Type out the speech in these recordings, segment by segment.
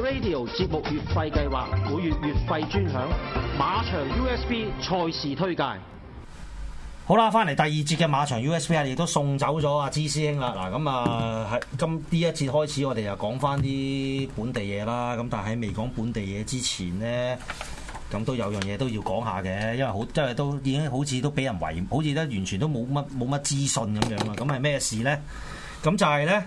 Radio 節目月費計劃，每月月費專享馬場 USB 賽事推介。好啦，翻嚟第二節嘅馬場 USB 我哋都送走咗阿芝師兄啦。嗱的，咁啊喺今呢一節開始，我哋又講翻啲本地嘢啦。咁但係喺未講本地嘢之前呢，咁都有樣嘢都要講下嘅，因為好，因為都已經好似都俾人圍，好似都完全都冇乜冇乜資訊咁樣啦。咁係咩事呢？咁就係呢。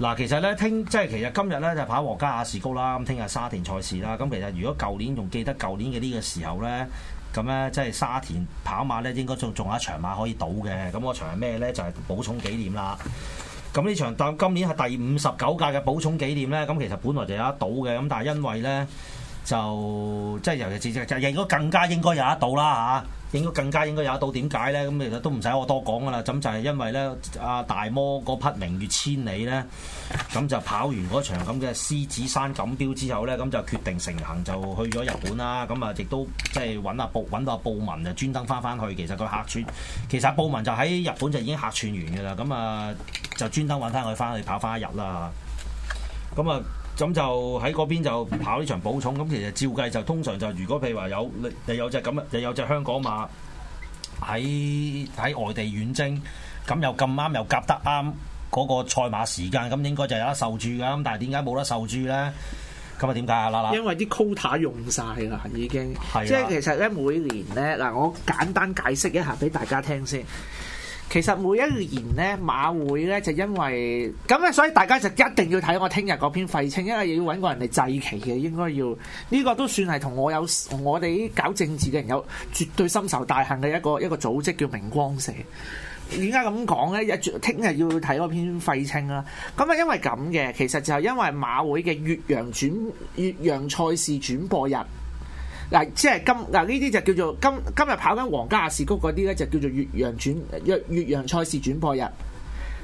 嗱，其實咧，聽即係其實今日咧就跑皇家亞士高啦。咁聽日沙田賽事啦，咁其實如果舊年仲記得舊年嘅呢個時候咧，咁咧即係沙田跑馬咧，應該仲仲有一場馬可以賭嘅。咁個場係咩咧？就係寶塚記念啦。咁呢場當今年係第五十九屆嘅寶塚記念咧，咁其實本來就有得賭嘅，咁但係因為咧就即係尤其自自日日如果更加應該有得賭啦嚇。應該更加應該有得到點解咧？咁其實都唔使我多講噶啦。咁就係、是、因為咧，阿大摩嗰匹明月千里咧，咁就跑完嗰場咁嘅獅子山錦標之後咧，咁就決定成行就去咗日本啦。咁啊，亦都即係揾阿布揾到阿布文就專登翻翻去。其實佢客串，其實布文就喺日本就已經客串完噶啦。咁啊，就專登揾翻佢翻去跑翻一日啦。咁啊。咁就喺嗰邊就跑呢場寶塚。咁其實照計就通常就如果譬如話有，又有隻咁啊，又有隻香港馬喺喺外地遠征，咁又咁啱又夾得啱嗰個賽馬時間，咁應該就有得受注噶，咁但係點解冇得受注咧？咁啊，點解啊，嗱因為啲 quota 用曬啦，已經。係。是的 即係其實咧每年咧，嗱我簡單解釋一下俾大家聽先。其實每一年咧馬會咧就因為咁咧，所以大家就一定要睇我聽日嗰篇廢青，因為要揾個人嚟祭旗嘅，應該要呢、這個都算係同我有我哋搞政治嘅人有絕對深仇大恨嘅一個一個組織叫明光社。點解咁講咧？一聽日要睇嗰篇廢青啦。咁啊，因為咁嘅，其實就係因為馬會嘅越洋轉越洋賽事轉播日。嗱、啊，即係今嗱呢啲就叫做今今日跑緊皇家雅士谷嗰啲咧，就叫做越洋轉越越洋賽事轉播日。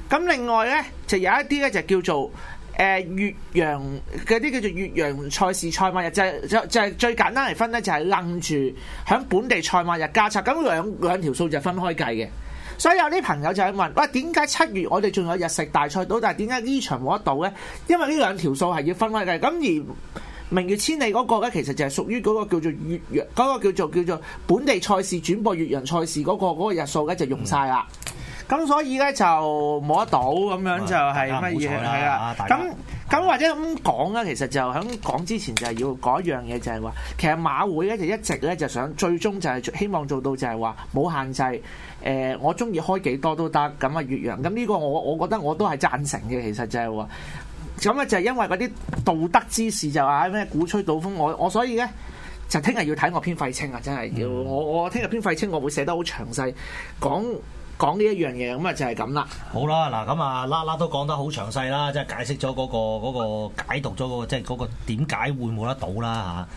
咁另外咧，就有一啲咧就叫做誒越、呃、洋嘅啲叫做越洋賽事賽馬日，就就就係最簡單嚟分咧，就係愣住響本地賽馬日加插。咁兩兩條數就分開計嘅。所以有啲朋友就係問：喂、啊，點解七月我哋仲有日食大賽到？但係點解呢場冇得到咧？因為呢兩條數係要分開計。咁而明月千里嗰個咧，其實就係屬於嗰個叫做越洋嗰個叫做叫做本地賽事轉播越洋賽事嗰個嗰個日數咧，就用晒啦。咁所以咧就冇得到，咁樣就係乜嘢係啦。咁咁或者咁講咧，其實就喺講之前就係要講一樣嘢，就係話其實馬會咧就一直咧就想最終就係希望做到就係話冇限制。誒、呃，我中意開幾多都得。咁啊，越洋咁呢個我我覺得我都係贊成嘅。其實就係話。咁咧就係因為嗰啲道德之士，就話咩鼓吹賭風，我我所以咧就聽日要睇我篇廢青啊！真係要我我聽日篇廢青，我會寫得好詳細講講呢一樣嘢。咁啊就係咁啦。好啦，嗱咁啊啦啦都講得好詳細啦，即係解釋咗嗰個嗰個解讀咗嗰個，即係嗰個點解會冇得到啦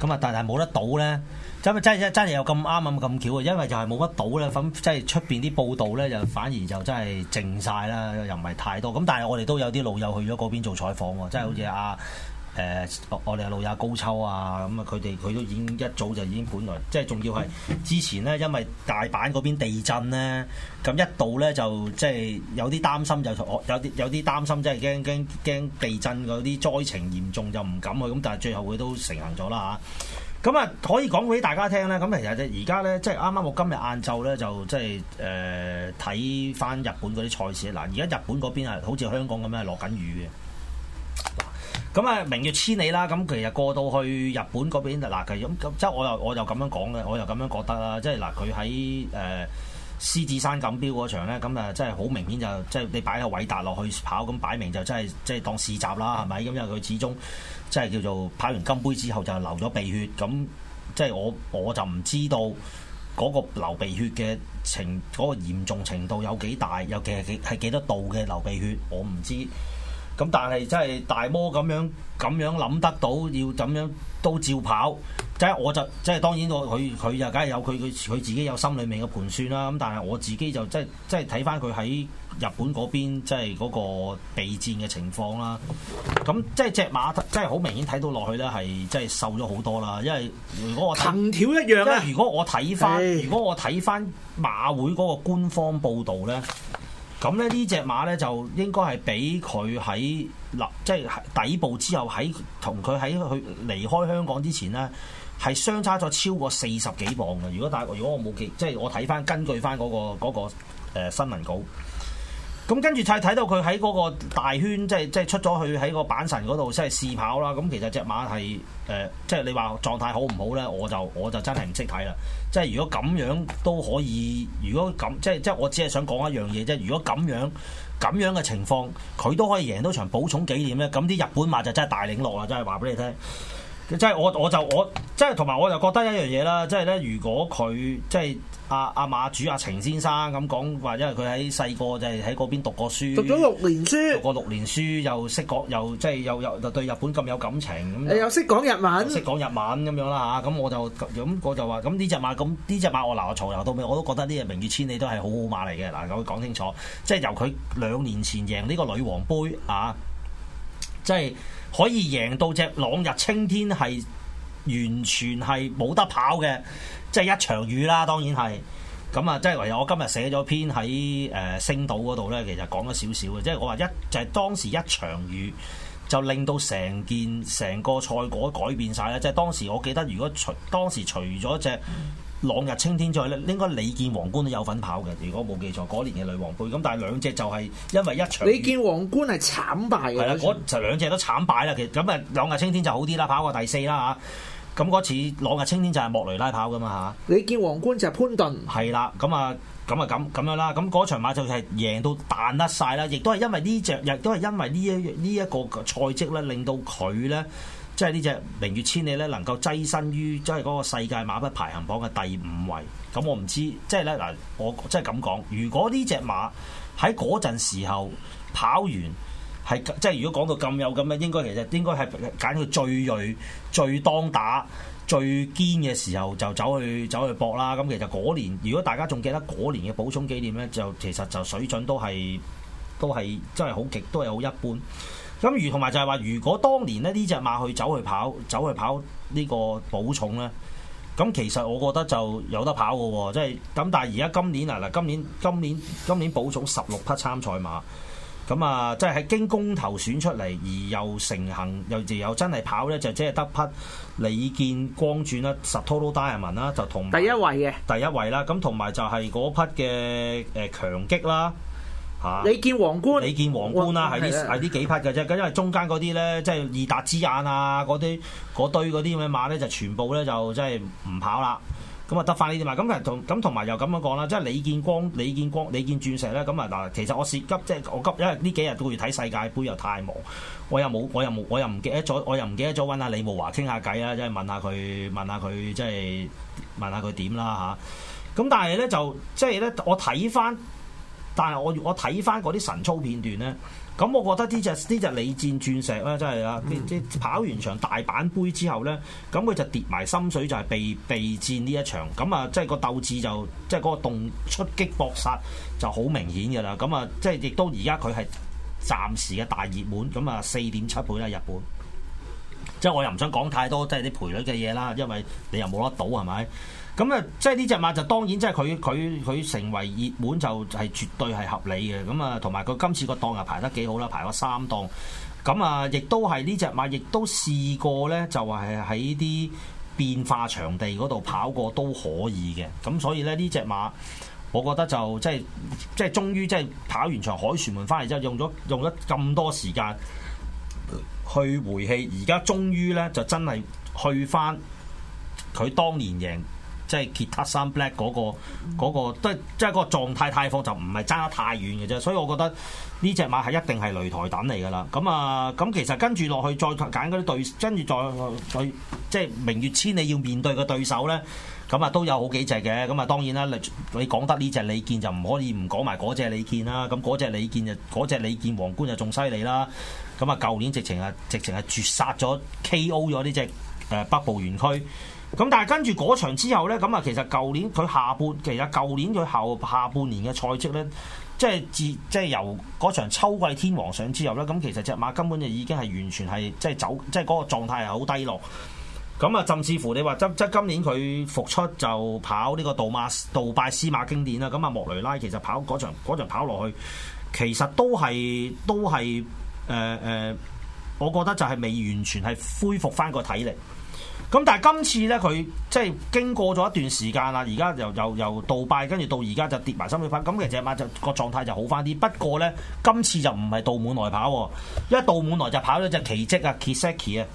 吓，咁啊，但係冇得到咧。真係真係真係有咁啱咁咁巧啊！因為就係冇乜島咧，咁即係出邊啲報道咧，就反而就真係靜晒啦，又唔係太多。咁但係我哋都有啲老友去咗嗰邊做採訪喎，即係好似阿誒我哋嘅老友高秋啊，咁啊佢哋佢都已經一早就已經本來即係仲要係之前呢，因為大阪嗰邊地震咧，咁一到咧就即係有啲擔，擔心，就有啲有啲擔心，即係驚驚驚地震嗰啲災情嚴重就唔敢去。咁但係最後佢都成行咗啦嚇。咁啊、嗯，可以講俾大家聽咧。咁其實而家咧，即係啱啱我今日晏晝咧，就即係誒睇翻日本嗰啲賽事。嗱，而家日本嗰邊啊，好似香港咁樣落緊雨嘅。咁、嗯、啊，明月千里啦。咁其實過到去日本嗰邊，嗱，咁即係我又我又咁樣講嘅，我又咁樣，樣覺得啦。即係嗱，佢喺誒。獅子山錦標嗰場呢，咁啊真係好明顯就即係你擺個偉達落去跑，咁擺明就真係即係當試習啦，係咪？咁因為佢始終即係叫做跑完金杯之後就流咗鼻血，咁即係我我就唔知道嗰個流鼻血嘅情，嗰個嚴重程度有幾大，尤其係幾係幾多度嘅流鼻血，我唔知。咁但係真係大魔咁樣咁樣諗得到，要咁樣都照跑。即係我就即係當然，我佢佢又梗係有佢佢佢自己有心裏面嘅盤算啦。咁但係我自己就即係即係睇翻佢喺日本嗰邊，即係嗰個備戰嘅情況啦。咁即係隻馬即係好明顯睇到落去咧，係即係瘦咗好多啦。因為如果我藤條一樣啊，如果我睇翻，如果我睇翻馬會嗰個官方報導咧，咁咧，呢隻馬咧，就應該係畀佢喺立即係底部之後喺同佢喺佢離開香港之前咧，係相差咗超過四十幾磅嘅。如果大如果我冇記即係我睇翻根據翻嗰個嗰個誒新聞稿。咁跟住睇睇到佢喺嗰個大圈，即係即係出咗去喺個板神嗰度，即係試跑啦。咁其實隻馬係誒，即係你話狀態好唔好咧？我就我就真係唔識睇啦。即係如果咁樣都可以，如果咁即係即係，即係我只係想講一樣嘢啫。即係如果咁樣咁樣嘅情況，佢都可以贏到場寶塚記念咧。咁啲日本馬就真係大領落啦，真係話俾你聽。即係我我就我即係同埋，即係我就覺得一樣嘢啦。即係咧，如果佢即係。即係阿阿馬主阿、啊、程先生咁講話，因為佢喺細個就係喺嗰邊讀過書，讀咗六年書，讀過六年書,六年書又識講，又即係又又,又對日本咁有感情，咁又識講日文，識講日文咁樣啦嚇。咁我就咁我就話，咁呢隻馬，咁呢隻馬我，我嗱我從頭到尾我都覺得呢隻明月千里都係好好馬嚟嘅。嗱，我講清楚，即係由佢兩年前贏呢個女王杯啊，即係可以贏到隻朗日青天，係完全係冇得跑嘅。即係一場雨啦，當然係咁啊！即係唯有我今日寫咗篇喺誒星島嗰度咧，其實講咗少少嘅，即係我話一就係、是、當時一場雨就令到成件成個賽果改變晒咧。即係當時我記得，如果除當時除咗隻朗日青天之外咧，應該李健皇冠都有份跑嘅。如果冇記錯嗰年嘅女皇盃，咁但係兩隻就係因為一場，李健皇冠係慘敗嘅。係啦，嗰就兩隻都慘敗啦。其實咁啊，朗日青天就好啲啦，跑過第四啦嚇。咁嗰次攞嘅青年就係莫雷拉跑噶嘛吓，你見皇冠就係潘頓，係啦，咁啊，咁啊，咁咁樣啦，咁嗰場馬就係贏到彈甩晒啦，亦都係因為呢隻，亦都係因為呢一呢一個賽績咧，令到佢咧，即係呢隻明月千里咧，能夠躋身於即係嗰個世界馬匹排行榜嘅第五位。咁我唔知，即係咧嗱，我即係咁講，如果呢隻馬喺嗰陣時候跑完。係即係，如果講到咁有咁咧，應該其實應該係揀佢最鋭、最當打、最堅嘅時候就走去走去搏啦。咁、嗯、其實嗰年，如果大家仲記得嗰年嘅寶塚記念呢，就其實就水準都係都係真係好極，都係好一般。咁如同埋就係話，如果當年呢呢隻馬去走去跑走去跑呢個寶塚呢，咁、嗯、其實我覺得就有得跑嘅喎、哦。即係咁，但係而家今年啊嗱，今年今年今年寶塚十六匹參賽馬。咁啊、嗯，即係喺經公投選出嚟，而又成行又又真係跑咧，就即係得匹李健光轉啦，Satono Diamond 啦，就同第一位嘅第一位啦。咁同埋就係嗰匹嘅誒強擊啦嚇。李健皇冠，李健皇冠啦，係呢係啲幾匹嘅啫。咁因為中間嗰啲咧，即係二達之眼啊，嗰啲堆嗰啲咁嘅馬咧，就全部咧就即係唔跑啦。咁啊得翻呢啲嘛，咁同咁同埋又咁樣講啦，即係李建光、李建光、李建鑽石咧，咁啊嗱，其實我涉急，即係我急，因為呢幾日都月睇世界盃又太忙，我又冇，我又冇，我又唔記得咗，我又唔記得咗揾下李慕華傾下偈、就是、啦，即係問下佢，問下佢，即係問下佢點啦嚇。咁但係咧就即係咧，我睇翻。但係我我睇翻嗰啲神操片段咧，咁我覺得呢隻呢隻李戰鑽石啦，真係啊！即即、嗯、跑完場大阪杯之後咧，咁佢就跌埋心水就被，就係備備戰呢一場。咁啊，即係個鬥志就即係嗰個動出擊搏殺就好明顯㗎啦。咁啊，即係亦都而家佢係暫時嘅大熱門。咁啊，四點七倍啦，日本。即係我又唔想講太多即係啲賠率嘅嘢啦，因為你又冇得賭，係咪？咁啊，即係呢隻馬就當然，即係佢佢佢成為熱門就係絕對係合理嘅。咁啊，同埋佢今次個檔又排得幾好啦，排咗三檔。咁啊，亦都係呢隻馬，亦都試過呢，就話係喺啲變化場地嗰度跑過都可以嘅。咁所以呢，呢隻馬，我覺得就即係即係終於即係跑完場凱旋門翻嚟之後，用咗用咗咁多時間去回氣，而家終於呢，就真係去翻佢當年贏。即係吉他三 Black 嗰個嗰個，即係嗰個狀態太放就唔係爭得太遠嘅啫，所以我覺得呢隻馬係一定係擂台躉嚟㗎啦。咁啊，咁其實跟住落去再揀嗰啲對，跟住再再即係明月千里要面對嘅對手咧，咁啊都有好幾隻嘅。咁啊當然啦，你你講得呢隻李健就唔可以唔講埋嗰隻李健啦。咁嗰隻李健就嗰隻李健皇冠就仲犀利啦。咁啊，舊年直情啊，直情係絕殺咗 K.O. 咗呢隻誒北部園區。咁但係跟住嗰場之後呢，咁啊，其實舊年佢下半，其實舊年佢後下半年嘅賽績呢，即係自即係由嗰場秋季天皇賞之後呢，咁其實隻馬根本就已經係完全係即係走，即係嗰個狀態係好低落。咁啊，甚至乎你話即即今年佢復出就跑呢個杜馬杜拜司馬經典啦，咁啊莫雷拉其實跑嗰場嗰場跑落去，其實都係都係誒誒，我覺得就係未完全係恢復返個體力。咁但係今次咧，佢即係經過咗一段時間啦，而家又又又杜拜，跟住到而家就跌埋心血。埗。咁其實隻馬就個狀態就好翻啲，不過咧，今次就唔係杜滿來跑，因為杜滿來就跑咗隻奇蹟啊，Kiseki 啊，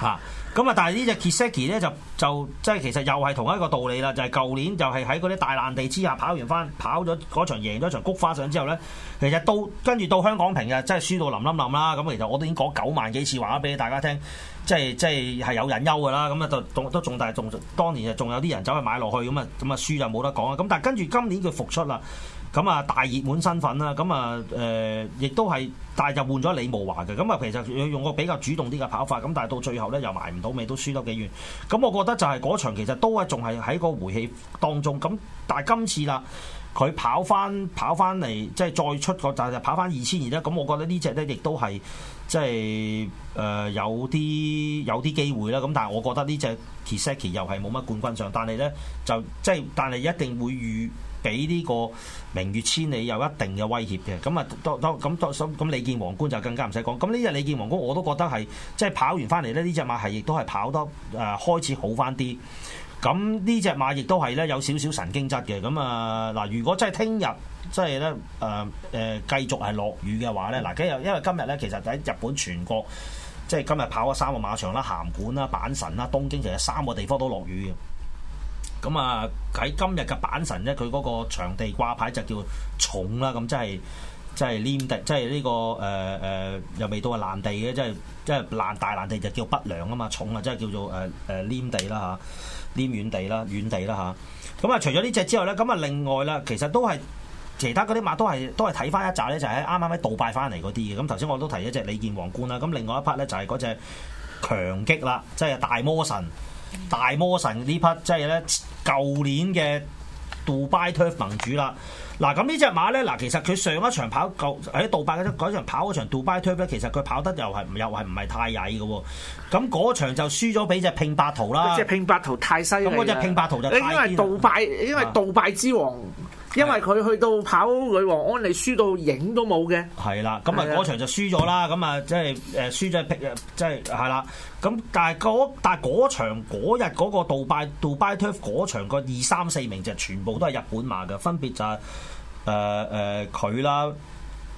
嚇。咁啊！但係呢隻 Kiseki 咧就就即係其實又係同一個道理啦，就係、是、舊年就係喺嗰啲大爛地之下跑完翻，跑咗嗰場贏咗場菊花賞之後咧，其實到跟住到香港平日即係輸到冧冧冧啦。咁其實我都已經講九萬幾次話俾大家聽，即係即係係有隱憂㗎啦。咁啊就都仲大係仲當年啊仲有啲人走去買落去咁啊，咁啊輸就冇得講啊。咁但係跟住今年佢復出啦。咁啊大熱門身份啦，咁啊誒，亦都係，但係就換咗李慕華嘅，咁啊其實用個比較主動啲嘅跑法，咁但係到最後咧又埋唔到尾，都輸得幾遠。咁我覺得就係嗰場其實都係仲係喺個回氣當中，咁但係今次啦，佢跑翻跑翻嚟，即係再出個就就跑翻二千二啦。咁我覺得隻呢隻咧亦都係即係誒、呃、有啲有啲機會啦。咁但係我覺得呢隻 Kisaki 又係冇乜冠軍相，但係咧就即係但係一定會遇。俾呢個明月千里有一定嘅威脅嘅，咁啊，當當咁當咁，里見皇冠就更加唔使講。咁呢隻里見皇冠我都覺得係，即係跑完翻嚟咧，呢隻馬係亦都係跑得誒開始好翻啲。咁呢隻馬亦都係咧有少少神經質嘅。咁啊嗱，如果真係聽日即係咧誒誒繼續係落雨嘅話咧，嗱今日因為今日咧其實喺日本全國即係今日跑咗三個馬場啦，函館啦、阪神啦、東京其實三個地方都落雨嘅。咁啊喺今日嘅阪神咧，佢嗰個場地掛牌就叫重啦，咁即係即係黏地，即係呢個誒誒、呃呃、又未到啊爛地嘅，即係即係爛大爛地就叫不良啊嘛，重啊，即係叫做誒誒黏地啦吓，黏軟地啦軟地啦吓，咁啊，除咗呢隻之外咧，咁啊另外啦，其實都係其他嗰啲馬都係都係睇翻一紮咧，就喺啱啱喺杜拜翻嚟嗰啲嘅。咁頭先我都提一隻李健皇冠啦，咁另外一匹咧就係嗰隻強擊啦，即係大魔神。大魔神呢匹即係咧舊年嘅杜拜 Turf 盟主啦，嗱咁呢隻馬咧嗱，其實佢上一場跑舊喺杜拜嗰陣場跑嗰場杜拜 Turf 咧，其實佢跑得又係又係唔係太曳嘅，咁嗰場就輸咗俾隻拼白圖啦，隻拼白圖太犀利啦，咁隻拼白圖就因為杜拜因為杜拜之王。因為佢去到跑女王安利輸到影都冇嘅，係啦的，咁啊嗰場就輸咗啦，咁啊即係誒輸咗即係係啦，咁、呃呃就是、但係嗰但係嗰場嗰日嗰個杜拜杜拜 turf 嗰場個二三四名就是、全部都係日本馬噶，分別就係誒誒佢啦誒。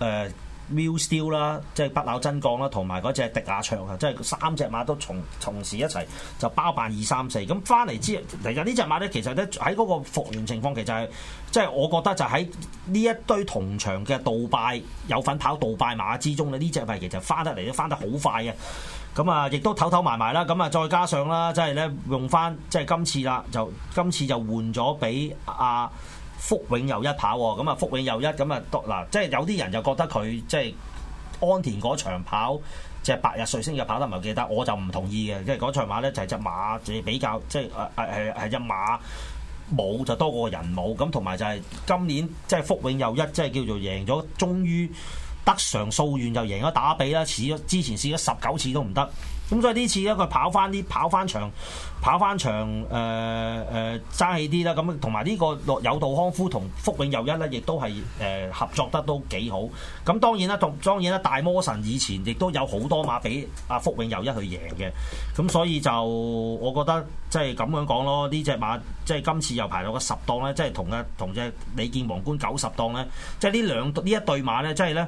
呃 mill stall 啦，即係不朽真鋼啦，同埋嗰隻迪亞長啊，即、就、係、是、三隻馬都從同時一齊就包辦二三四。咁翻嚟之後，但呢隻馬咧，其實咧喺嗰個復原情況，其實係即係我覺得就喺呢一堆同場嘅杜拜有份跑杜拜馬之中咧，呢隻馬其實翻得嚟都翻得好快嘅。咁啊，亦都唞唞埋埋啦。咁啊，再加上啦，即係咧用翻，即係今次啦，就今次就換咗俾阿。啊福永又一跑喎，咁啊福永又一咁啊嗱，即係有啲人就覺得佢即係安田嗰場跑隻白日睡仙嘅跑得唔係幾得，我就唔同意嘅。即係嗰場馬咧就係、是、隻馬，就係比較即係係係係隻馬冇就多過人冇，咁同埋就係今年即係福永又一即係叫做贏咗，終於得償夙願就贏咗打比啦，試咗之前試咗十九次都唔得。咁所以呢次咧佢跑翻啲跑翻場跑翻場誒誒、呃呃、爭氣啲啦，咁同埋呢個落有道康夫同福永又一咧，亦都係誒、呃、合作得都幾好。咁當然啦，同當然啦，大魔神以前亦都有好多馬俾阿福永又一去贏嘅。咁所以就我覺得即係咁樣講咯，呢隻馬即係今次又排到個十檔咧，即係同嘅同隻李健皇冠九十檔咧，即係呢兩呢一對馬咧，即係咧。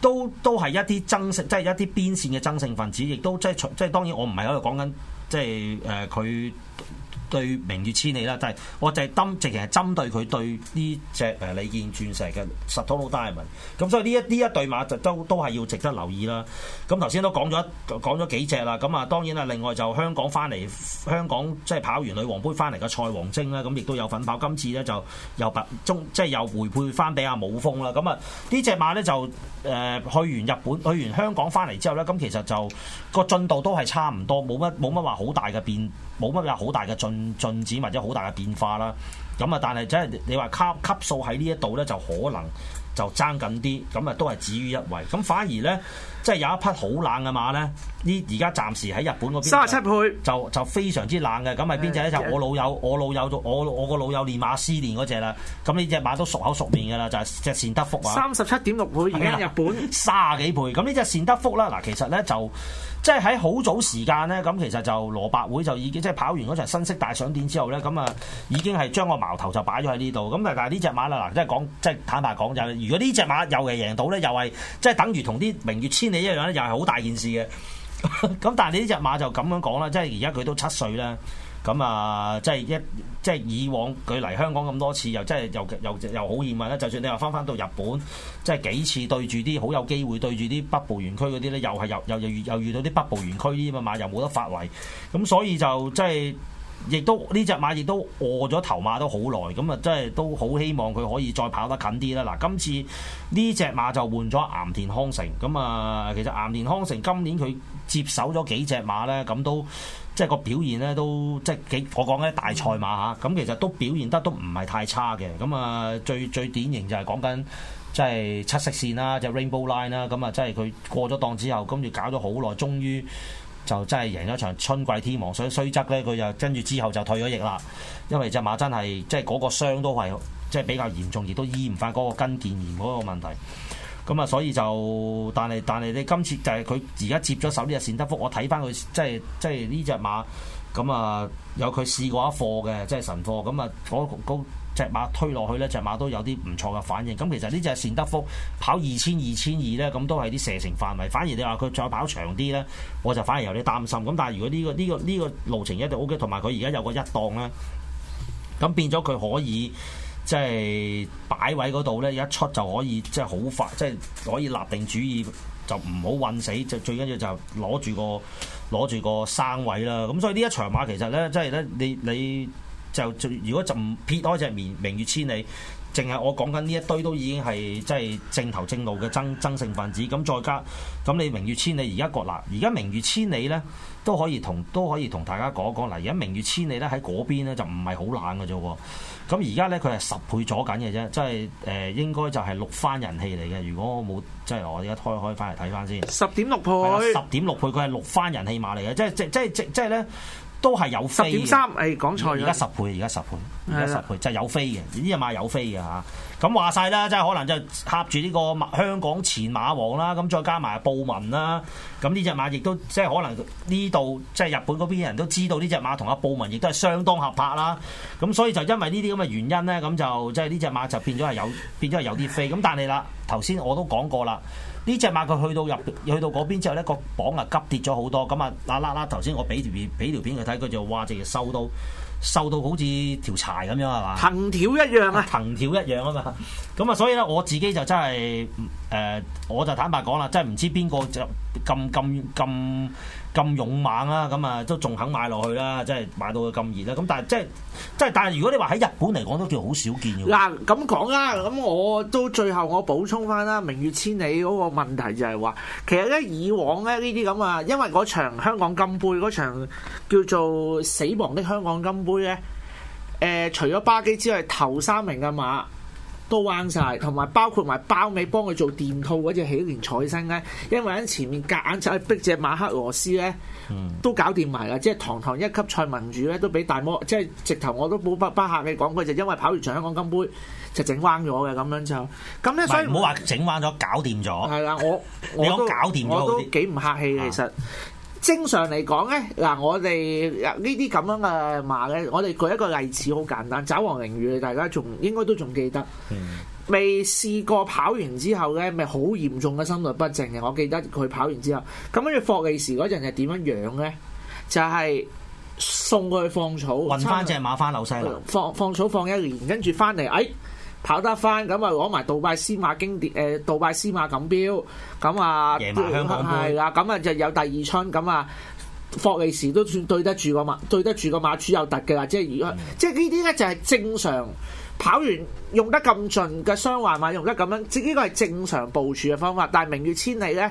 都都係一啲爭勝，即係一啲邊線嘅爭勝分子，亦都即係，即係當然，我唔係喺度講緊，即係誒佢。呃對明月千里啦，但係我就係針直情係針對佢對呢隻誒李健鑽石嘅 Satono Diamond，咁所以呢一呢一對馬就都都係要值得留意啦。咁頭先都講咗講咗幾隻啦，咁啊當然啦，另外就香港翻嚟香港即係跑完女王杯翻嚟嘅賽王晶啦，咁亦都有份跑。今次咧就又白中即係又回配翻俾阿武豐啦。咁啊呢隻馬咧就誒、呃、去完日本去完香港翻嚟之後咧，咁其實就個進度都係差唔多，冇乜冇乜話好大嘅變，冇乜話好大嘅進。進展或者好大嘅變化啦，咁啊，但係真係你話級級數喺呢一度呢，就可能就爭緊啲，咁啊都係止於一位，咁反而呢。即係有一匹好冷嘅馬咧，呢而家暫時喺日本嗰邊，三十七倍就就，就非常之冷嘅，咁係邊隻咧？就是、我老友，我老友我我個老友練馬師練嗰隻啦。咁呢隻馬都熟口熟面嘅啦，就係、是、隻善德福啊，三十七點六倍，而家日本三啊幾倍。咁呢隻善德福啦，嗱其實咧就即係喺好早時間咧，咁其實就羅伯會就已經即係跑完嗰場新潟大賞典之後咧，咁啊已經係將個矛頭就擺咗喺呢度。咁但係呢隻馬啦，嗱即係講即係坦白講就係，如果呢隻馬又係贏到咧，又係即係等住同啲明月千里。一樣咧，又係好大件事嘅。咁 但係你呢隻馬就咁樣講啦，即係而家佢都七歲啦。咁啊，即係一即係以往佢嚟香港咁多次，又即係又又又好厭惡啦。就算你話返返到日本，即係幾次對住啲好有機會對住啲北部園區嗰啲咧，又係又又又遇又遇到啲北部園區啲嘛，又冇得發圍，咁所以就即係。亦都呢隻馬亦都餓咗頭馬都好耐，咁啊真係都好希望佢可以再跑得近啲啦。嗱，今次呢隻馬就換咗岩田康誠，咁、嗯、啊其實岩田康誠今年佢接手咗幾隻馬呢，咁都即係個表現呢，都即係幾我講呢大賽馬嚇，咁其實都表現得都唔係太差嘅。咁、嗯、啊最最典型就係講緊即係七色線啦，隻 Rainbow Line 啦、嗯，咁啊即係佢過咗檔之後，跟住搞咗好耐，終於。就真係贏咗場春季天王，所以雖則咧佢就跟住之後就退咗役啦。因為隻馬真係即係嗰個傷都係即係比較嚴重，亦都醫唔翻嗰個跟腱炎嗰個問題。咁啊，所以就但係但係你今次就係佢而家接咗手呢隻善德福，我睇翻佢即係即係呢隻馬咁啊，有佢試過一課嘅，即係神貨咁啊，嗰隻馬推落去呢隻馬都有啲唔錯嘅反應。咁其實呢隻善德福跑二千二千二呢，咁都係啲射程範圍。反而你話佢再跑長啲呢，我就反而有啲擔心。咁但係如果呢、呢個呢、呢個呢、呢個路程一定 O K，同埋佢而家有個一檔呢，咁變咗佢可以即係、即係、擺位嗰度呢，一出就可以即係好快，即、就、係、是就是、可以立定主意就唔好韞死。最最緊要就攞住個攞住個生位啦。咁所以呢一場馬其實呢，即係呢你你。你就如果就撇開隻名，明月千里，淨係我講緊呢一堆都已經係即係正頭正路嘅爭爭勝分子。咁再加咁你明月千里，而家國難，而家明月千里咧都可以同都可以同大家講一講。嗱，而家明月千里咧喺嗰邊咧就唔係好冷嘅啫。咁而家咧佢係十倍咗緊嘅啫，即係誒、呃、應該就係六番人氣嚟嘅。如果我冇即係我而家開開返嚟睇返先，十點六倍，十點六倍，佢係六番人氣馬嚟嘅，即係即係即係咧。都係有飛嘅，而家、哎、十倍，而家十倍，而家十倍就係有飛嘅，呢隻馬有飛嘅嚇。咁、啊、話晒啦，即係可能就係搭住呢個香港前馬王啦，咁再加埋布文啦，咁呢隻馬亦都即係可能呢度即係日本嗰邊人都知道呢隻馬同阿布文亦都係相當合拍啦。咁、啊、所以就因為呢啲咁嘅原因咧，咁、啊、就即係呢隻馬就變咗係有變咗係有啲飛。咁但係啦，頭先我都講過啦。呢隻馬佢去到入去到嗰邊之後咧，個磅啊急跌咗好多，咁啊啦啦啦！頭先我俾條俾條片佢睇，佢就哇，直情瘦到瘦到好似條柴咁樣，係嘛？藤條一樣啊！藤條一樣啊嘛～咁啊，所以咧我自己就真係誒、呃，我就坦白講啦，真係唔知邊個就咁咁咁咁勇猛啦，咁啊都仲肯買落去啦，真係買到佢咁熱啦。咁但係即係即係，但係如果你話喺日本嚟講都算好少見嘅。嗱咁講啦，咁我都最後我補充翻啦，明月千里嗰個問題就係話，其實咧以往咧呢啲咁啊，因為嗰場香港金杯嗰場叫做死亡的香港金杯咧，誒、呃，除咗巴基之外，頭三名嘅嘛。都彎晒，同埋包括埋包尾幫佢做電套嗰隻喜蓮彩星咧，因為喺前面夾硬就去逼隻馬克羅斯咧，都搞掂埋啦。即係堂堂一級賽盟主咧，都俾大魔，即係直頭我都冇不不客氣嘅講句，就因為跑完場香港金杯就整彎咗嘅咁樣就。咁咧，唔好話整彎咗，搞掂咗。係啦，我我講搞掂咗好啲。都都幾唔客氣、啊、其實。正常嚟講咧，嗱我哋呢啲咁樣嘅馬咧，我哋舉一個例子，好簡單，爪皇凌雨，大家仲應該都仲記得，未試過跑完之後咧，咪好嚴重嘅心律不正嘅，我記得佢跑完之後，咁跟住霍利時嗰陣係點樣養咧？就係、係、送佢去放草，揾翻隻馬翻紐西蘭，放放草放一年，跟住翻嚟，哎。跑得翻咁啊，攞埋杜拜司馬經典誒、呃、杜拜司馬錦標咁啊，係啦，咁啊就有第二春咁啊，霍利時都算對得住個馬對得住個馬主有突嘅啦，即係而家即係呢啲咧就係正常跑完用得咁盡嘅傷患嘛，用得咁樣，呢個係正常部署嘅方法。但係明月千里咧，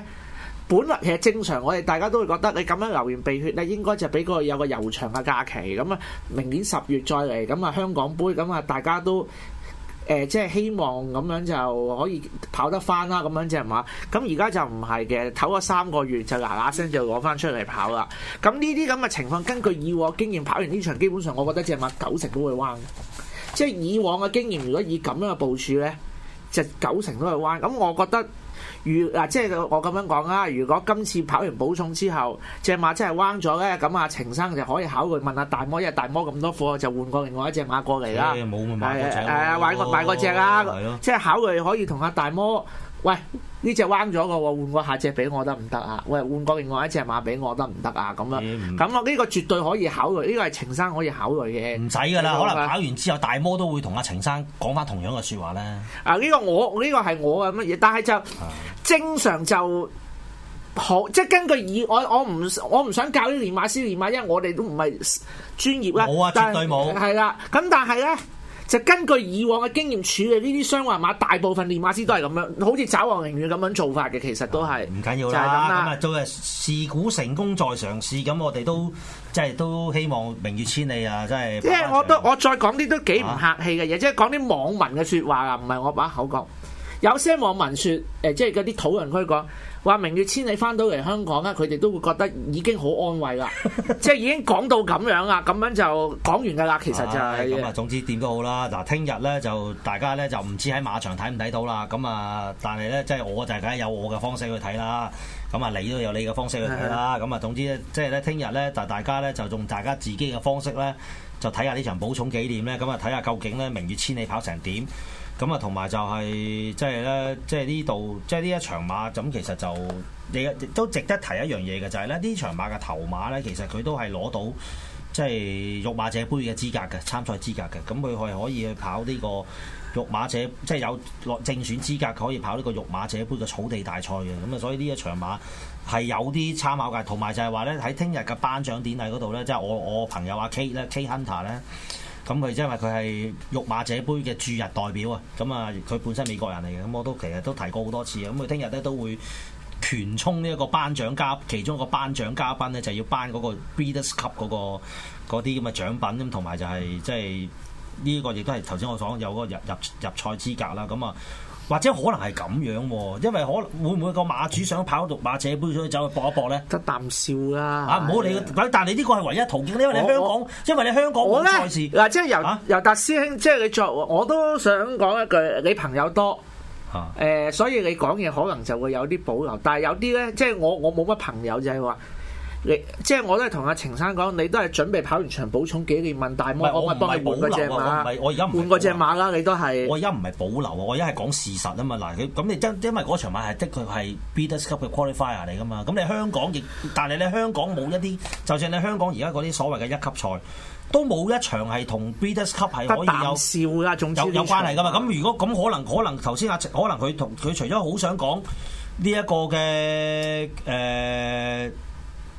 本嚟其實正常，我哋大家都會覺得你咁樣流完鼻血咧，應該就係俾個有個悠長嘅假期咁啊，明年十月再嚟咁啊，香港杯咁啊，大家都。誒、呃，即係希望咁樣就可以跑得翻啦，咁樣隻馬，咁而家就唔係嘅，唞咗三個月就嗱嗱聲就攞翻出嚟跑啦。咁呢啲咁嘅情況，根據以往經驗，跑完呢場基本上，我覺得隻馬九成都會彎。即係以往嘅經驗，如果以咁樣嘅部署呢，就九成都會彎。咁我覺得。如嗱，即係我咁樣講啦。如果今次跑完寶塚之後，隻馬真係彎咗咧，咁阿程生就可以考慮問下大摩，因為大摩咁多貨，就換過另外一,一隻馬過嚟啦。冇咪買個，買個隻啊！啊即係考慮可以同阿大摩喂。呢隻彎咗個喎，換個下隻俾我得唔得啊？喂，換個另外一隻馬俾我得唔得啊？咁樣，咁我呢個絕對可以考慮，呢、這個係程生可以考慮嘅。唔使噶啦，可能考完之後，大魔都會同阿程生講翻同樣嘅説話咧。啊，呢、這個我呢、這個係我嘅乜嘢？但係就、啊、正常就好，即係根據以我我唔我唔想教呢練馬師練馬，因為我哋都唔係專業啦。冇啊，但絕對冇。係啦，咁、嗯、但係咧。就根據以往嘅經驗處理呢啲雙黃馬，大部分練馬師都係咁樣，好似找王明月咁樣做法嘅，其實都係。唔緊要啦，咁啊都係自古成功在嘗試，咁我哋都即係都希望明月千里啊，真係。即係我都我再講啲都幾唔客氣嘅嘢，即係講啲網民嘅説話啊，唔係我把口講。有些網民説：誒，即係嗰啲討論區講話，明月千里翻到嚟香港啦，佢哋都會覺得已經好安慰啦， 即係已經講到咁樣啦，咁樣就講完㗎啦。其實就係、是、咁啊，總之點都好啦。嗱，聽日咧就大家咧就唔知喺馬場睇唔睇到啦。咁啊，但係咧即係我就梗係有我嘅方式去睇啦。咁啊，你都有你嘅方式去睇啦。咁啊的，總之即係咧，聽日咧，但大家咧就用大家自己嘅方式咧，就睇下呢場寶塚記念咧，咁啊睇下究竟咧明月千里跑成點。咁啊，同埋就係即係咧，即係呢度，即係呢一場馬，咁其實就亦都值得提一樣嘢嘅，就係咧呢場馬嘅頭馬咧，其實佢都係攞到即係育馬者杯嘅資格嘅參賽資格嘅，咁佢係可以去跑呢個育馬者，即係有落正選資格，可以跑呢個育馬者杯嘅草地大賽嘅。咁啊，所以呢一場馬係有啲參考嘅，同埋就係話咧喺聽日嘅頒獎典禮嗰度咧，即係我我朋友阿 K 咧，K Hunter 咧。咁佢即係因為佢係育馬者杯嘅駐日代表啊，咁啊佢本身美國人嚟嘅，咁我都其實都提過好多次啊，咁佢聽日咧都會權充呢一個頒獎嘉其中一個頒獎嘉賓咧、那個，就要頒嗰個 Breeders Cup 嗰個嗰啲咁嘅獎品，咁同埋就係即係呢個亦都係頭先我講有嗰個入入入賽資格啦，咁啊。或者可能係咁樣喎，因為可能會唔會個馬主想跑讀馬車杯出去走去搏一搏咧？得啖笑啦！嚇唔好理，但係你呢個係唯一途徑，因為你香港，我因為你香港冇賽事嗱，呢啊、即係尤尤達師兄，即係你作，我都想講一句，你朋友多，誒、啊呃，所以你講嘢可能就會有啲保留，但係有啲咧，即係我我冇乜朋友就係、是、話。你即係我都係同阿程生講，你都係準備跑完場補充幾年問大摩，我唔咪幫你換嗰隻馬，換個隻馬啦。你都係我而家唔係保留，啊。我而家係講事實啊嘛嗱，咁你因因為嗰場馬係的確係 Breeders' Cup 嘅 qualifier 嚟噶嘛，咁你香港亦但係你香港冇一啲，就算你香港而家嗰啲所謂嘅一級賽，都冇一場係同 Breeders' Cup 係可以有笑噶，啊，仲有，有，有關係噶嘛？咁如果咁可能可能頭先阿程可能佢同佢除咗好想講呢一個嘅誒。呃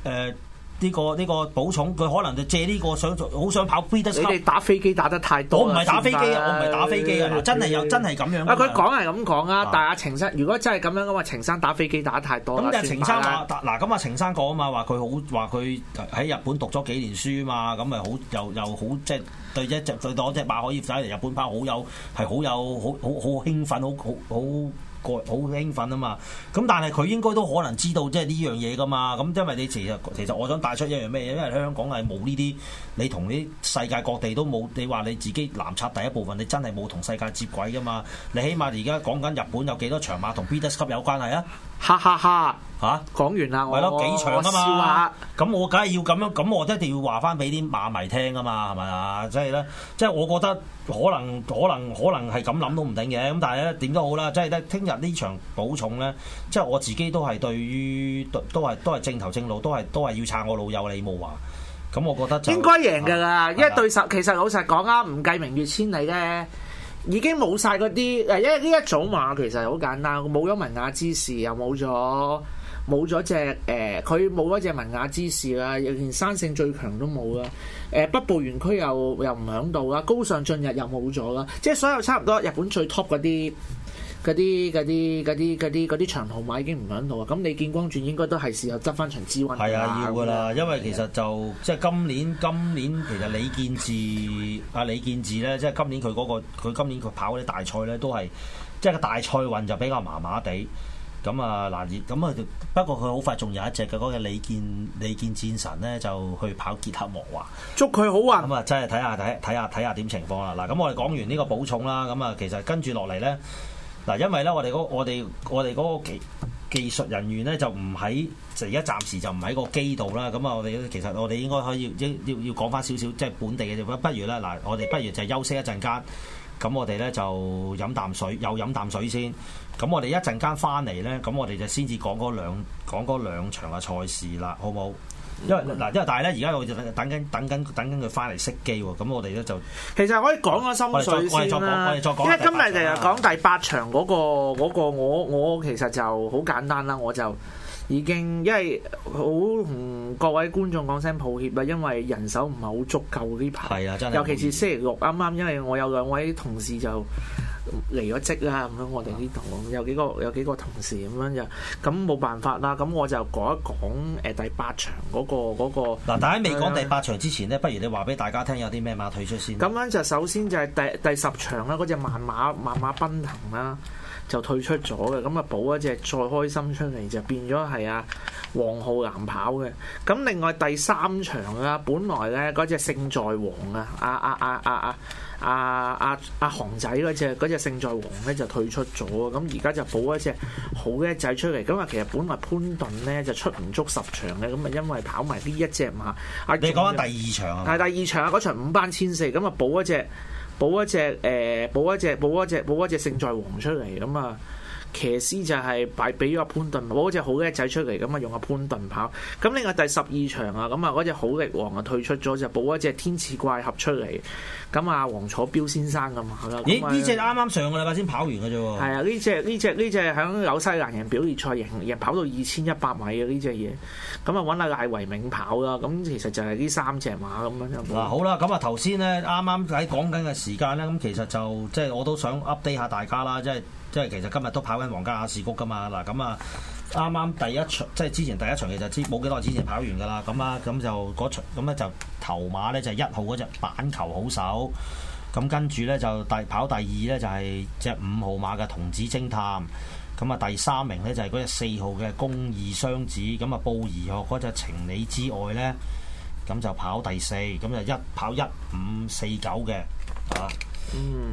誒，呢、呃這個呢、這個寶塚，佢可能就借呢個想做，好想跑。你打飛機打得太多，我唔係打飛機啊，我唔係打飛機啊，真係又真係咁樣。啊，佢講係咁講啊，但係阿程生如果真係咁樣嘅話，程生打飛機打得太多。咁就程生話，嗱咁阿程生講啊嘛，話佢好話佢喺日本讀咗幾年書啊嘛，咁咪好又又好即係對一隻對嗰隻馬可伊仔嚟日本跑好有係好有好好好興奮好高好。好好好好個好興奮啊嘛，咁但係佢應該都可能知道即係呢樣嘢噶嘛，咁因為你其實其實我想帶出一樣咩嘢？因為香港係冇呢啲，你同你世界各地都冇，你話你自己南拆第一部分，你真係冇同世界接軌噶嘛，你起碼而家講緊日本有幾多場馬同 BDS 級有關係啊？哈哈哈！嚇，啊、講完啦，係嘅，我幾場我笑嘛。咁我梗係要咁樣，咁我一定要話翻俾啲馬迷聽啊嘛，係咪啊？即係咧，即係我覺得可能可能可能係咁諗都唔定嘅。咁但係咧，點都好啦，即係咧，聽日呢場寶塚咧。即係我自己都係對於都都係都係正頭正路，都係都係要撐我老友李慕華。咁我覺得應該贏㗎啦，啊、因為對手其實老實講啊，唔計明月千里咧，已經冇晒嗰啲誒，因為呢一組馬其實好簡單，冇咗文雅之士，又冇咗。冇咗隻誒，佢冇咗隻文雅之士啦，連山性最強都冇啦。誒、呃，北部園區又又唔響度啦，高尚進入又冇咗啦。即係所有差唔多日本最 top 嗰啲嗰啲嗰啲嗰啲啲啲長途馬已經唔響度啊！咁李建光轉應該都係時候執翻場之運。係啊，要㗎啦，因為其實就即係今年，今年其實李建智，阿李建智咧，即係今年佢嗰、嗰個佢今年佢跑嗰啲大賽咧，都係即係個大賽運就比較麻麻地。咁啊，嗱，咁啊，不過佢好快仲有一隻嘅，嗰、嗰個李健李健戰神咧就去跑結合磨滑，祝佢好啊，咁啊，真係睇下睇睇下睇下點情況啦。嗱，咁我哋講完呢個寶塚啦，咁啊，其實跟住落嚟咧，嗱，因為咧我哋嗰、嗰個、我哋我哋個技技術人員咧就唔喺，就而家暫時就唔喺個機度啦。咁啊，我哋其實我哋應該可以要要要講翻少少即係本地嘅地方，不如咧嗱，我哋不如就休息一陣間。咁我哋咧就飲啖水，又飲啖水先。咁我哋一陣間翻嚟咧，咁我哋就先至講嗰兩講嗰兩場嘅賽事啦，好唔好？因為嗱、嗯，因為但係咧，而家我等緊等緊等緊佢翻嚟熄機喎。咁我哋咧就其實可以講個心水我哋再講啦。因為今日就係講第八場嗰、嗰個嗰個我我其實就好簡單啦，我就。已經，因為好同各位觀眾講聲抱歉啊，因為人手唔係好足夠呢排，啊、真係尤其是星期六啱啱，啱啱因為我有兩位同事就離咗職啦，咁樣我哋呢度有幾個有幾個同事咁樣就咁冇辦法啦，咁我就講一講誒第八場嗰、嗰個嗱，嗰個、但係未講第八場之前呢，啊、不如你話俾大家聽有啲咩馬退出先。咁樣就首先就係第第十場啦，嗰隻萬馬萬馬奔騰啦。就退出咗嘅，咁啊補一隻再開心出嚟就變咗係啊黃浩南跑嘅。咁另外第三場啦，本來咧嗰隻勝在王啊，啊啊啊啊啊啊啊啊航、啊啊、仔嗰隻嗰隻勝在王咧就退出咗，咁而家就補一隻好嘅仔出嚟。咁啊其實本來潘頓咧就出唔足十場嘅，咁啊因為跑埋呢一隻嘛，你講緊第二場啊？係第二場嗰場五班千四，咁啊補一隻。補一隻誒，補一隻，補一隻，補一隻聖在王出嚟，咁啊騎師就係擺俾咗阿潘頓，補一隻好叻仔出嚟，咁啊用阿潘頓跑。咁另外第十二場啊，咁啊嗰隻好力王啊退出咗，就補一隻天賜怪俠出嚟。咁啊，黃楚標先生咁啊，咦？呢隻啱啱上個禮拜先跑完嘅啫喎。係啊，呢隻呢隻呢隻喺紐西蘭人表列賽，日跑到二千一百米嘅呢隻嘢。咁啊，揾阿賴維銘跑啦。咁其實就係呢三隻馬咁樣。嗱、啊，嗯、好啦，咁啊頭先咧，啱啱喺講緊嘅時間咧，咁其實就即係我都想 update 下大家啦，即係即係其實今日都跑緊皇家亞士谷噶嘛。嗱，咁、嗯、啊。嗯啱啱第一場，即係之前第一場，嘅就知冇幾耐之前跑完㗎啦。咁啊，咁就嗰場，咁咧就，就頭馬咧就係、是、一號嗰隻板球好手。咁跟住咧就第跑第二咧就係隻五號馬嘅童子偵探。咁啊，第三名咧就係嗰隻四號嘅公義雙子。咁啊，布兒哦嗰隻情理之外咧，咁就跑第四。咁就一跑一五四九嘅，啊。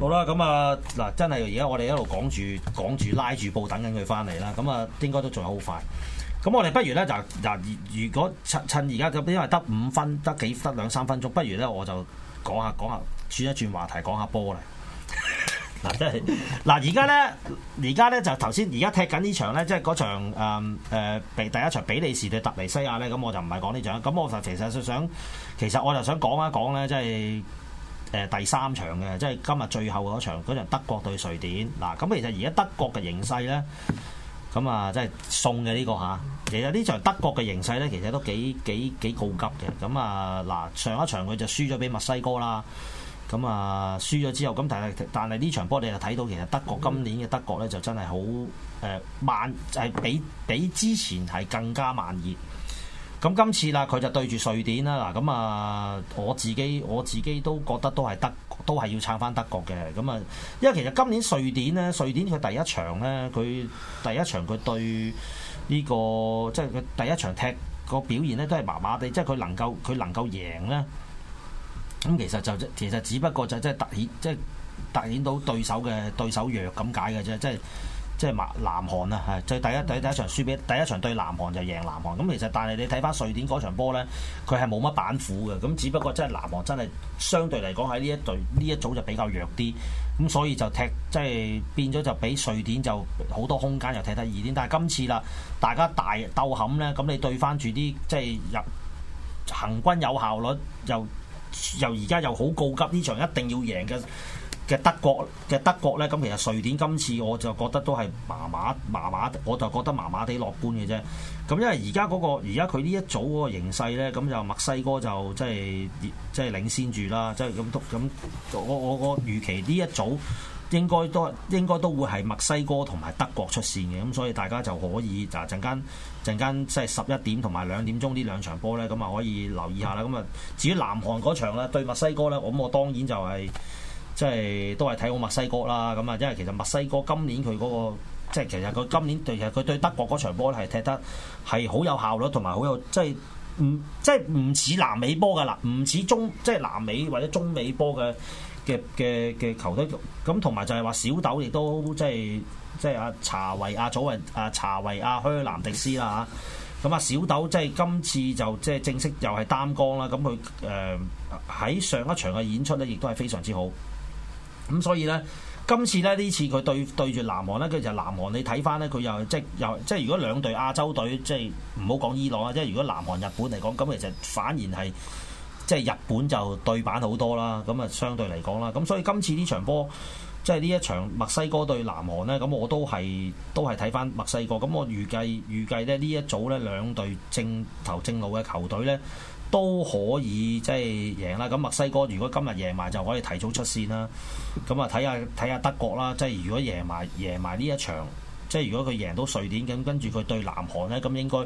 好啦，咁啊嗱，真係而家我哋一路講住講住拉住布等緊佢翻嚟啦，咁啊應該都仲係好快。咁我哋不如咧就就如果趁趁而家咁，因為得五分得幾分，兩三分鐘，不如咧我就講下講下轉一轉話題講下波啦。嗱即係，嗱而家咧而家咧就頭先而家踢緊呢場咧，即係嗰場誒比、嗯呃、第一場比利時對特尼西亞咧，咁我就唔係講呢場。咁我就其實想其實我就想講一講咧，即係。誒第三場嘅，即係今日最後嗰場，嗰場德國對瑞典。嗱，咁其實而家德國嘅形勢呢，咁啊，即係送嘅呢個吓。其實呢場德國嘅形勢呢，其實都幾幾幾告急嘅。咁啊，嗱，上一場佢就輸咗俾墨西哥啦。咁啊，輸咗之後，咁但係但係呢場波，你就睇到其實德國今年嘅德國呢，就真係好誒慢，就係比比之前係更加慢熱。咁今次啦，佢就對住瑞典啦，嗱咁啊，我自己我自己都覺得都係德國，都係要撐翻德國嘅，咁啊，因為其實今年瑞典咧，瑞典佢第一場咧，佢第一場佢對呢個即係佢第一場踢個表現咧都係麻麻地，即係佢能夠佢能夠贏咧，咁其實就其實只不過就即係突顯即係突顯到對手嘅對手弱咁解嘅啫，即係。即係南韓啊，係就第一第一，第一場輸俾第一場對南韓就贏南韓咁，其實但係你睇翻瑞典嗰場波呢，佢係冇乜板斧嘅，咁只不過即係南韓真係相對嚟講喺呢一隊呢一組就比較弱啲，咁所以就踢即係變咗就比瑞典就好多空間又踢得易啲，但係今次啦，大家大鬥冚呢，咁你對翻住啲即係入行軍有效率，又又而家又好告急呢場一定要贏嘅。嘅德國嘅德國呢，咁其實瑞典今次我就覺得都係麻麻麻麻，我就覺得麻麻地樂觀嘅啫。咁因為而家嗰個而家佢呢一組嗰個形勢呢，咁就墨西哥就即係即係領先住啦，即係咁都咁我我我預期呢一組應該都應該都會係墨西哥同埋德國出線嘅，咁所以大家就可以就陣間陣間即係十一點同埋兩點鐘呢兩場波呢，咁啊可以留意下啦。咁啊至於南韓嗰場呢，對墨西哥呢，咁我當然就係、是。即係都係睇好墨西哥啦，咁啊，因為其實墨西哥今年佢嗰個，即係其實佢今年對其實佢對德國嗰場波係踢得係好有效率同埋好有，有即係唔即係唔似南美波㗎啦，唔似中即係南美或者中美波嘅嘅嘅嘅球隊。咁同埋就係話小豆亦都即係即係阿查維亞組為阿查維亞靴南迪斯啦吓。咁啊小豆即係今次就即係正式又係擔綱啦。咁佢誒喺上一場嘅演出咧，亦都係非常之好。咁所以呢，今次呢，呢次佢對對住南韓咧，其實南韓你睇翻呢，佢又即又即如果兩隊亞洲隊，即唔好講伊朗啊，即如果南韓日本嚟講，咁其實反而係即日本就對板好多啦。咁啊，相對嚟講啦。咁所以今次呢場波，即呢一場墨西哥對南韓呢，咁我都係都係睇翻墨西哥。咁我預計預計呢，呢一組呢兩隊正頭正路嘅球隊呢，都可以即係贏啦。咁墨西哥如果今日贏埋，就可以提早出線啦。咁啊，睇下睇下德國啦。即係如果贏贏埋贏埋呢一場，即係如果佢贏到瑞典咁，跟住佢對南韓呢，咁應該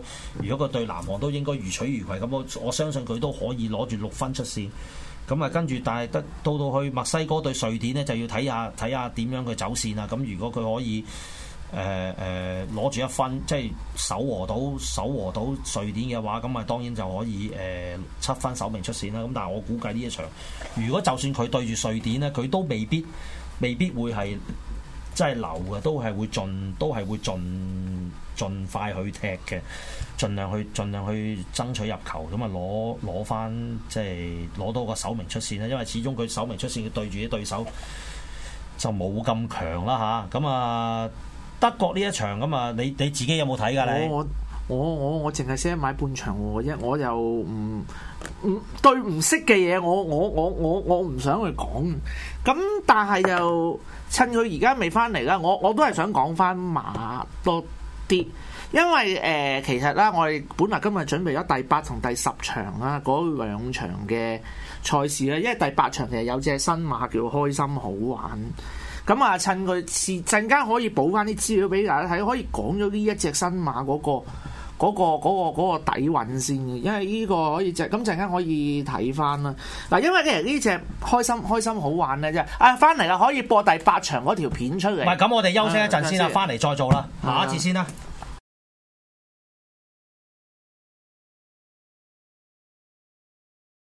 如果佢對南韓都應該如取如攜咁，我相信佢都可以攞住六分出線。咁啊，跟住但係得到到去墨西哥對瑞典呢，就要睇下睇下點樣佢走線啦。咁如果佢可以。誒誒攞住一分，即係守和到守和到瑞典嘅話，咁啊當然就可以誒、呃、七分首名出線啦。咁但係我估計呢一場，如果就算佢對住瑞典呢，佢都未必未必會係即係留嘅，都係會盡都係會盡盡快去踢嘅，盡量去盡量去爭取入球，咁啊攞攞翻即係攞多個首名出線啦。因為始終佢首名出線要對住啲對手就冇咁強啦吓。咁啊～德國呢一場咁嘛，你你自己有冇睇噶你？我我我我淨係識買半場喎，一我又唔唔、嗯、對唔識嘅嘢，我我我我我唔想去講。咁但係就趁佢而家未翻嚟啦，我我都係想講翻馬多啲，因為誒、呃、其實啦，我哋本來今日準備咗第八同第十場啊嗰兩場嘅賽事啊，因為第八場其實有隻新馬叫開心好玩。咁啊、嗯，趁佢陣間可以補翻啲資料俾大家睇，可以講咗呢一隻新馬嗰、嗰個嗰、嗰個嗰個嗰個底蘊先嘅，因為呢個可以即係咁陣間可以睇翻啦。嗱，因為其實呢隻開心開心好玩咧，即係啊翻嚟啦，可以播第八場嗰條片出嚟。唔係、嗯，咁我哋休息一陣先啦，翻嚟、啊、再做啦，啊、下一次先啦。